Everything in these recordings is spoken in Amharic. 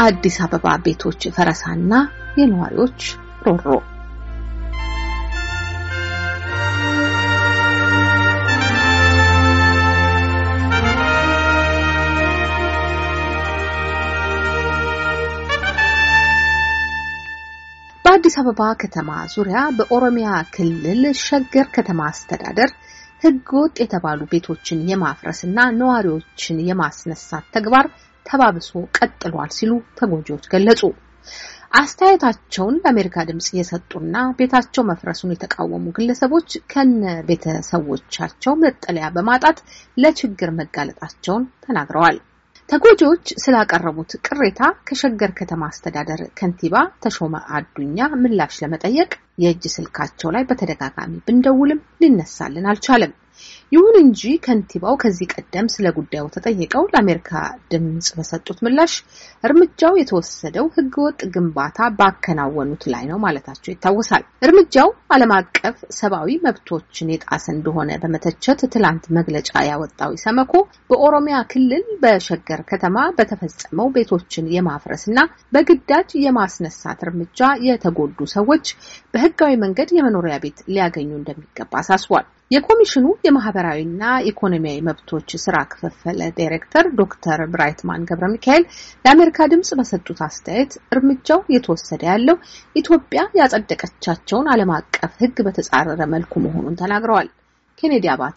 የአዲስ አበባ ቤቶች ፈረሳና የነዋሪዎች ሮሮ በአዲስ አበባ ከተማ ዙሪያ በኦሮሚያ ክልል ሸገር ከተማ አስተዳደር ወጥ የተባሉ ቤቶችን የማፍረስና ነዋሪዎችን የማስነሳት ተግባር ተባብሶ ቀጥሏል ሲሉ ተጎጂዎች ገለጹ። አስተያየታቸውን ለአሜሪካ ድምጽ የሰጡና ቤታቸው መፍረሱን የተቃወሙ ግለሰቦች ከነ ቤተሰቦቻቸው መጠለያ በማጣት ለችግር መጋለጣቸውን ተናግረዋል። ተጎጂዎች ስላቀረቡት ቅሬታ ከሸገር ከተማ አስተዳደር ከንቲባ ተሾመ አዱኛ ምላሽ ለመጠየቅ የእጅ ስልካቸው ላይ በተደጋጋሚ ብንደውልም ሊነሳልን አልቻለም። ይሁን እንጂ ከንቲባው ከዚህ ቀደም ስለ ጉዳዩ ተጠይቀው ለአሜሪካ ድምጽ በሰጡት ምላሽ እርምጃው የተወሰደው ሕገወጥ ግንባታ ባከናወኑት ላይ ነው ማለታቸው ይታወሳል። እርምጃው ዓለም አቀፍ ሰብአዊ መብቶችን የጣሰ እንደሆነ በመተቸት ትላንት መግለጫ ያወጣው ኢሰመኮ በኦሮሚያ ክልል በሸገር ከተማ በተፈጸመው ቤቶችን የማፍረስና በግዳጅ የማስነሳት እርምጃ የተጎዱ ሰዎች በሕግ በህጋዊ መንገድ የመኖሪያ ቤት ሊያገኙ እንደሚገባ አሳስቧል። የኮሚሽኑ የማህበራዊና ኢኮኖሚያዊ መብቶች ስራ ክፍፍል ዳይሬክተር ዶክተር ብራይትማን ገብረ ሚካኤል ለአሜሪካ ድምጽ በሰጡት አስተያየት እርምጃው እየተወሰደ ያለው ኢትዮጵያ ያጸደቀቻቸውን ዓለም አቀፍ ህግ በተጻረረ መልኩ መሆኑን ተናግረዋል። ኬኔዲ አባተ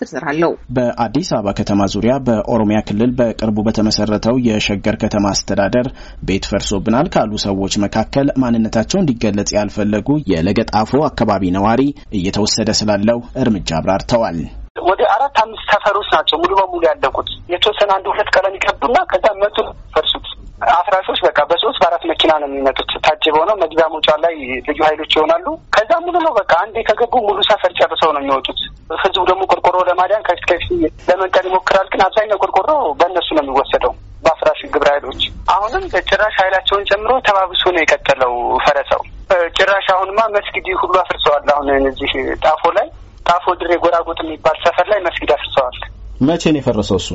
ዝርዝር አለው። በአዲስ አበባ ከተማ ዙሪያ በኦሮሚያ ክልል በቅርቡ በተመሰረተው የሸገር ከተማ አስተዳደር ቤት ፈርሶብናል ካሉ ሰዎች መካከል ማንነታቸው እንዲገለጽ ያልፈለጉ የለገጣፎ አካባቢ ነዋሪ እየተወሰደ ስላለው እርምጃ አብራርተዋል። ወደ አራት አምስት ሰፈሮች ናቸው ሙሉ በሙሉ ያለቁት። የተወሰነ አንድ ሁለት ቀለም ይቀቡና ከዛ መቱ ፈርሱት አፍራሾች በቃ መኪና ነው የሚመጡት። ታጅበው ነው መግቢያ መውጫ ላይ ልዩ ኃይሎች ይሆናሉ። ከዛ ሙሉ ነው በቃ አንዴ ከገቡ ሙሉ ሰፈር ጨርሰው ነው የሚወጡት። ህዝቡ ደግሞ ቆርቆሮ ለማዳን ከፊት ከፊት ለመንቀል ይሞክራል። ግን አብዛኛው ቆርቆሮ በእነሱ ነው የሚወሰደው በአፍራሽ ግብረ ኃይሎች። አሁንም ጭራሽ ኃይላቸውን ጨምሮ ተባብሶ ነው የቀጠለው ፈረሰው። ጭራሽ አሁንማ መስጊድ ሁሉ አፍርሰዋል። አሁን እዚህ ጣፎ ላይ ጣፎ ድሬ ጎራጎጥ የሚባል ሰፈር ላይ መስጊድ አፍርሰዋል። መቼ ነው የፈረሰው እሱ?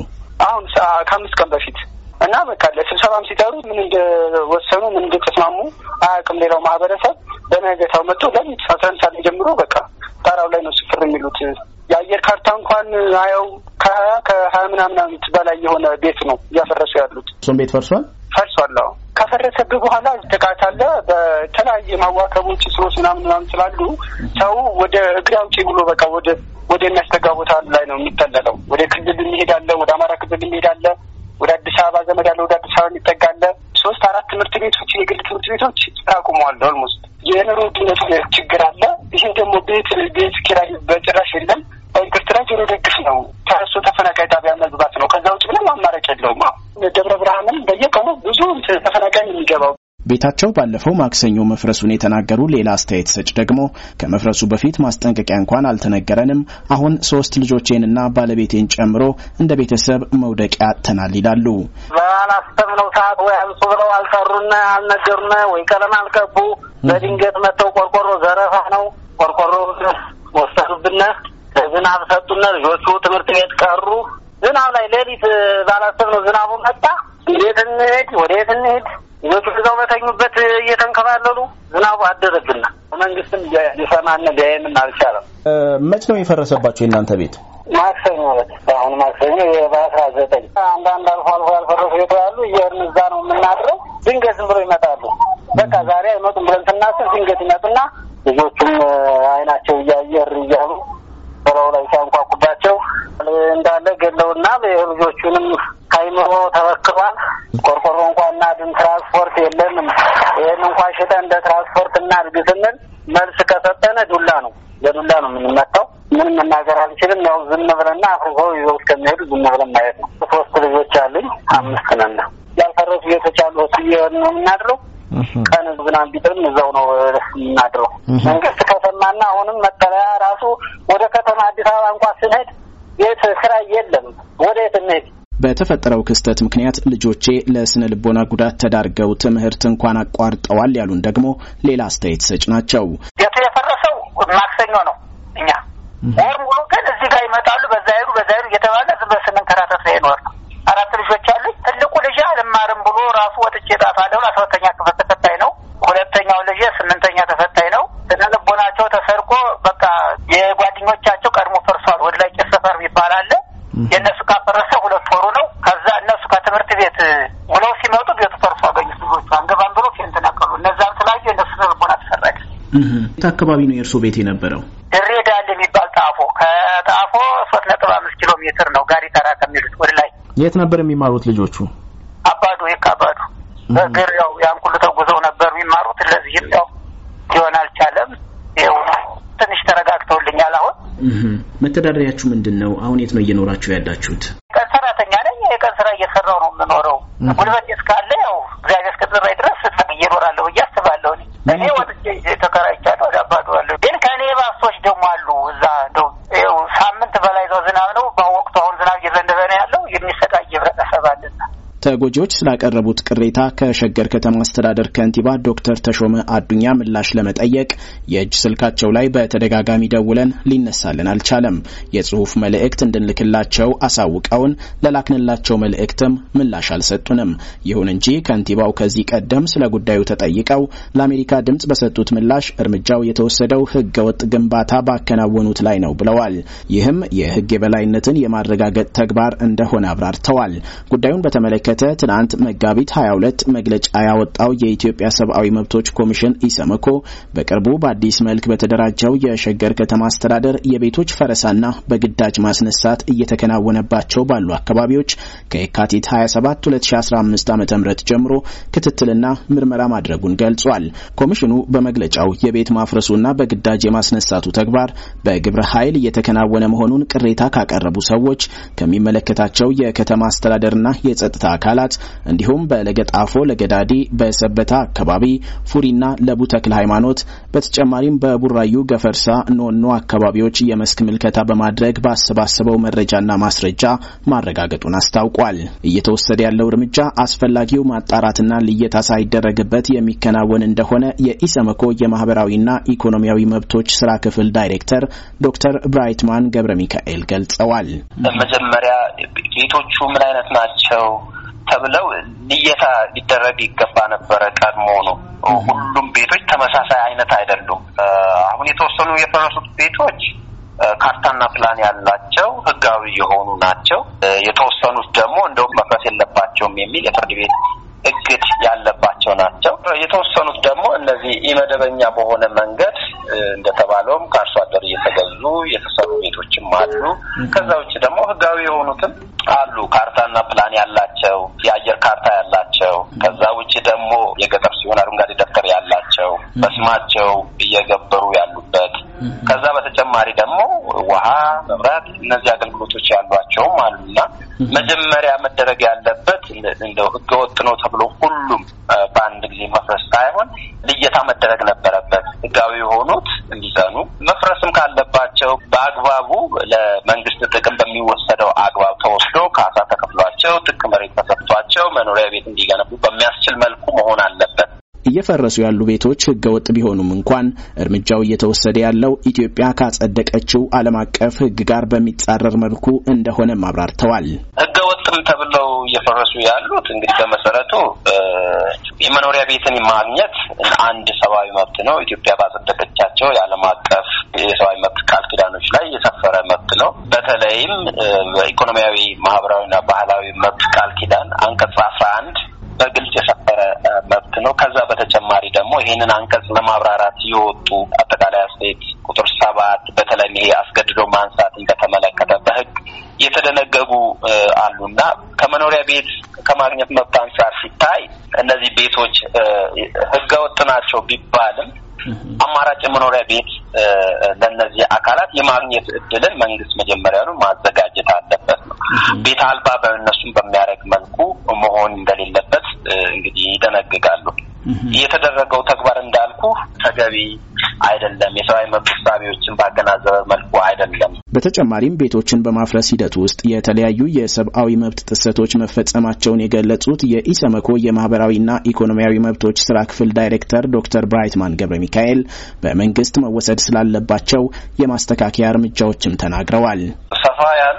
አሁን ከአምስት ቀን በፊት እና በቃ ለስብሰባም ሲጠሩ ምን እንደወሰኑ ምን እንደተስማሙ አያውቅም። ሌላው ማህበረሰብ በነገታው መጥቶ ለምን አስራ አንድ ሰዓት ጀምሮ በቃ ጣራው ላይ ነው ስፍር የሚሉት። የአየር ካርታ እንኳን ሀያው ከሀያ ከሀያ ምናምን ዓመት በላይ የሆነ ቤት ነው እያፈረሱ ያሉት። እሱም ቤት ፈርሷል ፈርሷል። አዎ ከፈረሰብህ በኋላ ጥቃት አለ። በተለያየ ማዋከቦች ስሮስ ምናምን ምናምን ስላሉ ሰው ወደ እግር አውጪ ብሎ በቃ ወደ ወደ የሚያስጠጋ ቦታ ላይ ነው የሚጠለለው። ወደ ክልል እንሄዳለን፣ ወደ አማራ ክልል እንሄዳለን ወደ አዲስ አበባ ዘመድ ያለ ወደ አዲስ አበባ የሚጠጋለ ሶስት አራት ትምህርት ቤቶች የግል ትምህርት ቤቶች አቁመዋል። ኦልሞስት የኑሮ ውድነት ችግር አለ። ይሄ ደግሞ ቤት ቤት ኪራይ በጭራሽ የለም። በእንቅርት ላይ ጆሮ ደግፍ ነው። ተረሶ ተፈናቃይ ጣቢያ መግባት ነው። ከዛ ውጭ ምንም አማራጭ የለውም። ደብረ ብርሃንም በየቀኑ ብዙ ተፈናቃይ የሚገባው ቤታቸው ባለፈው ማክሰኞ መፍረሱን የተናገሩ ሌላ አስተያየት ሰጭ ደግሞ ከመፍረሱ በፊት ማስጠንቀቂያ እንኳን አልተነገረንም፣ አሁን ሶስት ልጆቼንና ባለቤቴን ጨምሮ እንደ ቤተሰብ መውደቂያ አጥተናል ይላሉ። በአላሰብነው ሰዓት ወይ አንሱ ብለው አልጠሩን፣ አልነገሩን ወይ ቀለም አልቀቡ። በድንገት መጥተው ቆርቆሮ ዘረፋ ነው ቆርቆሮ ወሰዱብን። ዝናብ ሰጡን። ልጆቹ ትምህርት ቤት ቀሩ። ዝናብ ላይ ሌሊት ባላሰብነው ዝናቡ መጣ። እንዴት እንሂድ? ወዴት እንሂድ? ወፍዛው በተኙበት እየተንከባለሉ ዝናቡ አደረብና መንግስትም ሊሰማን ሊያየንም አልቻለም። መች ነው የፈረሰባቸው የእናንተ ቤት? ማክሰኞ ዕለት አሁን ማክሰኞ በአስራ ዘጠኝ አንዳንድ አልፎ አልፎ ያልፈረሱ ቤት ያሉ እየሄድን እዛ ነው የምናድረው። ድንገት ዝም ብሎ ይመጣሉ። በቃ ዛሬ አይመጡም ብለን ስናስብ ድንገት ይመጡና ልጆቹም አይናቸው እያየር እያሉ በላዩ ላይ ሲያንኳኩባቸው እንዳለ ገለውና ልጆቹንም አይምሮ ተበክሏል። ቆርቆሮ እንኳና ድን ትራንስፖርት የለንም። ይህን እንኳ ሽጠን እንደ ትራንስፖርት እናድርግ ስንል መልስ ከሰጠነ ዱላ ነው፣ በዱላ ነው የምንመታው። ምንም መናገር አልችልም። ያው ዝም ብለና አፍርሰው ይዘው እስከሚሄዱ ዝም ብለን ማየት ነው። ሶስት ልጆች አሉኝ፣ አምስት ነን። ያልፈረሱ ቤቶች አሉ፣ እሱ ነው የምናድረው። ቀን ዝናብ ቢጥልም እዛው ነው የምናድረው። መንግስት ከሰማና አሁንም መጠለያ ራሱ ወደ ከተማ አዲስ አበባ እንኳ ስንሄድ የት ስራ የለም። ወደ የት እንሄድ? በተፈጠረው ክስተት ምክንያት ልጆቼ ለስነ ልቦና ጉዳት ተዳርገው ትምህርት እንኳን አቋርጠዋል ያሉን ደግሞ ሌላ አስተያየት ሰጭ ናቸው። ቤቱ የፈረሰው ማክሰኞ ነው። እኛ ወር ሙሉ ግን እዚህ ጋር ይመጣሉ፣ በዛ ሄዱ፣ በዛ ሄዱ እየተባለ ዝም ብለን ስንንከራተት አካባቢ ነው የእርሶ ቤት የነበረው? ድሬዳል የሚባል ጣፎ ከጣፎ ሶስት ነጥብ አምስት ኪሎ ሜትር ነው ጋሪ ተራ ከሚሉት ወደ ላይ። የት ነበር የሚማሩት ልጆቹ? አባዶ ይካ አባዶ በእግር ያው ያን ሁሉ ተጉዘው ነበር የሚማሩት። ለዚህም ያው ሊሆን አልቻለም። ይኸው ትንሽ ተረጋግተውልኛል። አሁን መተዳደሪያችሁ ምንድን ነው? አሁን የት ነው እየኖራችሁ ያላችሁት? ቀን ሰራተኛ ነኝ። የቀን ስራ እየሰራው ነው የምኖረው። ጉልበት እስካለ ያው እግዚአብሔር እስከጠራኝ ድረስ እየኖራለሁ እያ እኔ ወጥቼ የተከራይቻለሁ። ወደ አባቱ አለ ግን ከእኔ ባሶች ደግሞ አሉ እዛ እንደው ሳምንት በላይ ዘው ዝናብ ነው ተጎጂዎች ስላቀረቡት ቅሬታ ከሸገር ከተማ አስተዳደር ከንቲባ ዶክተር ተሾመ አዱኛ ምላሽ ለመጠየቅ የእጅ ስልካቸው ላይ በተደጋጋሚ ደውለን ሊነሳልን አልቻለም። የጽሁፍ መልእክት እንድንልክላቸው አሳውቀውን ለላክንላቸው መልእክትም ምላሽ አልሰጡንም። ይሁን እንጂ ከንቲባው ከዚህ ቀደም ስለ ጉዳዩ ተጠይቀው ለአሜሪካ ድምፅ በሰጡት ምላሽ እርምጃው የተወሰደው ህገወጥ ግንባታ ባከናወኑት ላይ ነው ብለዋል። ይህም የህግ የበላይነትን የማረጋገጥ ተግባር እንደሆነ አብራርተዋል። ጉዳዩን በተመለከተ በተመለከተ ትናንት መጋቢት 22 መግለጫ ያወጣው የኢትዮጵያ ሰብአዊ መብቶች ኮሚሽን ኢሰመኮ በቅርቡ በአዲስ መልክ በተደራጀው የሸገር ከተማ አስተዳደር የቤቶች ፈረሳና በግዳጅ ማስነሳት እየተከናወነባቸው ባሉ አካባቢዎች ከየካቲት 27 2015 ዓ ም ጀምሮ ክትትልና ምርመራ ማድረጉን ገልጿል። ኮሚሽኑ በመግለጫው የቤት ማፍረሱና በግዳጅ የማስነሳቱ ተግባር በግብረ ኃይል እየተከናወነ መሆኑን ቅሬታ ካቀረቡ ሰዎች ከሚመለከታቸው የከተማ አስተዳደርና የጸጥታ አካል አካላት እንዲሁም በለገጣፎ ለገዳዲ፣ በሰበታ አካባቢ ፉሪና ለቡ ተክለ ሃይማኖት በተጨማሪም በቡራዩ ገፈርሳ ኖኖ አካባቢዎች የመስክ ምልከታ በማድረግ ባሰባሰበው መረጃና ማስረጃ ማረጋገጡን አስታውቋል። እየተወሰደ ያለው እርምጃ አስፈላጊው ማጣራትና ልየታ ሳይደረግበት የሚከናወን እንደሆነ የኢሰመኮ የማህበራዊና ኢኮኖሚያዊ መብቶች ስራ ክፍል ዳይሬክተር ዶክተር ብራይትማን ገብረ ሚካኤል ገልጸዋል። መጀመሪያ ቤቶቹ ምን አይነት ናቸው? ተብለው ልየታ ሊደረግ ይገባ ነበረ። ቀድሞ ነው ሁሉም ቤቶች ተመሳሳይ አይነት አይደሉም። አሁን የተወሰኑ የፈረሱት ቤቶች ካርታና ፕላን ያላቸው ህጋዊ የሆኑ ናቸው። የተወሰኑት ደግሞ እንደውም መፍረስ የለባቸውም የሚል የፍርድ ቤት እግድ የምንላቸው ናቸው። የተወሰኑት ደግሞ እነዚህ ኢመደበኛ በሆነ መንገድ እንደተባለውም ከአርሶ አደር እየተገዙ የተሰሩ ቤቶችም አሉ። ከዛ ውጭ ደግሞ ህጋዊ የሆኑትም አሉ። ካርታና ፕላን ያላቸው የአየር ካርታ ያላቸው ከዛ ውጭ ደግሞ የገጠር ሲሆን አረንጓዴ ደብተር ያላቸው በስማቸው እየገበሩ ያሉበት ከዛ በተጨማሪ ደግሞ ውሃ፣ መብራት እነዚህ አገልግሎቶች ያሏቸውም አሉና መጀመሪያ መደረግ ያለበት እንደው ህገወጥ ነው ተብሎ ሁሉም ጊዜ መፍረስ ሳይሆን ልየታ መደረግ ነበረበት። ህጋዊ የሆኑት እንዲጸኑ መፍረስም ካለባቸው በአግባቡ ለመንግስት ጥቅም በሚወሰደው አግባብ ተወስዶ ካሳ ተከፍሏቸው ጥቅ መሬት ተሰጥቷቸው መኖሪያ ቤት እንዲገነቡ በሚያስችል መልኩ መሆን አለበት። እየፈረሱ ያሉ ቤቶች ህገወጥ ቢሆኑም እንኳን እርምጃው እየተወሰደ ያለው ኢትዮጵያ ካጸደቀችው ዓለም አቀፍ ህግ ጋር በሚጻረር መልኩ እንደሆነ አብራርተዋል። ህገወጥም ተብሎ እየፈረሱ ያሉት እንግዲህ በመሰረቱ የመኖሪያ ቤትን ማግኘት አንድ ሰብአዊ መብት ነው። ኢትዮጵያ ባጸደቀቻቸው የዓለም አቀፍ የሰብአዊ መብት ቃል ኪዳኖች ላይ የሰፈረ መብት ነው። በተለይም በኢኮኖሚያዊ ማህበራዊና ባህላዊ መብት ቃል ኪዳን አንቀጽ አስራ አንድ በግልጽ የሰፈረ መብት ነው። ከዛ በተጨማሪ ደግሞ ይህንን አንቀጽ ለማብራራት የወጡ አጠቃላይ አስተያየት ቁጥር ሰባት በተለይም ይሄ አስገድዶ ማንሳትን በተመለከተ የተደነገጉ እና ከመኖሪያ ቤት ከማግኘት መብት አንጻር ሲታይ እነዚህ ቤቶች ህገወጥ ናቸው ቢባልም አማራጭ የመኖሪያ ቤት ለእነዚህ አካላት የማግኘት እድልን መንግስት መጀመሪያኑ ማዘጋጀት አለበት ነው። ቤት አልባ በእነሱም በሚያደርግ መልኩ መሆን እንደሌለበት እንግዲህ ይደነግጋሉ። የተደረገው ተግባር እንዳልኩ ተገቢ አይደለም። የሰብአዊ መብት ሳቢዎችን ባገናዘበ መልኩ አይደለም። በተጨማሪም ቤቶችን በማፍረስ ሂደት ውስጥ የተለያዩ የሰብአዊ መብት ጥሰቶች መፈጸማቸውን የገለጹት የኢሰመኮ የማህበራዊና ኢኮኖሚያዊ መብቶች ስራ ክፍል ዳይሬክተር ዶክተር ብራይትማን ገብረ ሚካኤል በመንግስት መወሰድ ስላለባቸው የማስተካከያ እርምጃዎችም ተናግረዋል። ሰፋ ያሉ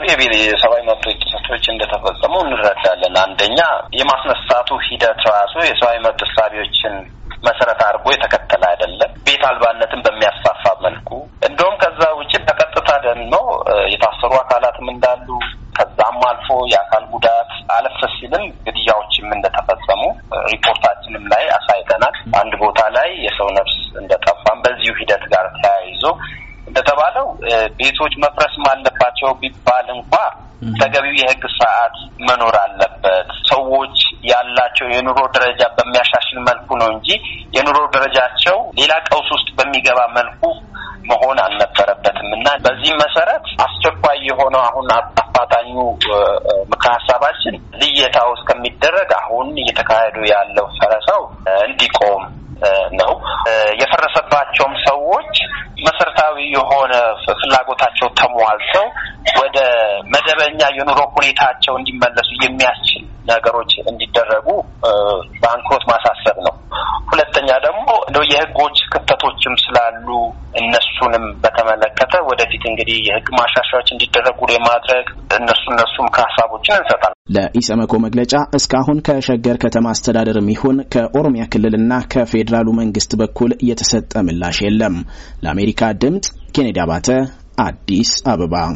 የሰብአዊ መብቶች ጥሰቶች እንደተፈጸሙ እንረዳለን። አንደኛ የማስነሳቱ ሂደት ራሱ የሰብአዊ መብት እሳቢዎችን መሰረት አድርጎ የተከተለ አይደለም። ቤት አልባነትን በሚያስፋፋ መልኩ እንደውም ከዛ ውጭ በቀጥታ ደግሞ የታሰሩ አካላትም እንዳሉ ከዛም አልፎ የአካል ጉዳት አለፍ ሲልም ግድያዎችም እንደተፈጸሙ ሪፖርታችንም ላይ አሳይተናል። አንድ ቦታ ላይ የሰው ነፍስ እንደጠፋም በዚሁ ሂደት ጋር ተያይዞ እንደተባለው ቤቶች መፍረስ አለባቸው ቢባል እንኳ ተገቢው የህግ ስርዓት መኖር አለበት። ሰዎች ያላቸው የኑሮ ደረጃ በሚያሻሽል መልኩ ነው እንጂ የኑሮ ደረጃቸው ሌላ ቀውስ ውስጥ በሚገባ መልኩ መሆን አልነበረበትም እና በዚህም መሰረት አስቸኳይ የሆነው አሁን አፋጣኙ ምክረ ሀሳባችን ልየታው እስከሚደረግ አሁን እየተካሄዱ ያለው ፈረሳው እንዲቆም ነው። የፈረሰባቸውም ሰዎች መሰረታዊ የሆነ ፍላጎታቸው ተሟልተው ወደ መደበኛ የኑሮ ሁኔታቸው እንዲመለሱ የሚያስችል ነገሮች እንዲደረጉ በአንክሮት ማሳሰብ ነው። ሁለተኛ ደግሞ እንደው የህጎች ክፍተቶችም ስላሉ እነሱንም በተመለከተ ወደፊት እንግዲህ የህግ ማሻሻያዎች እንዲደረጉ የማድረግ እነሱ እነሱም ከሀሳቦችን እንሰጣል። ለኢሰመኮ መግለጫ እስካሁን ከሸገር ከተማ አስተዳደር ይሁን ከኦሮሚያ ክልልና ከፌዴራሉ መንግስት በኩል የተሰጠ ምላሽ የለም። ለአሜሪካ ድምጽ ኬኔዲ አባተ አዲስ አበባ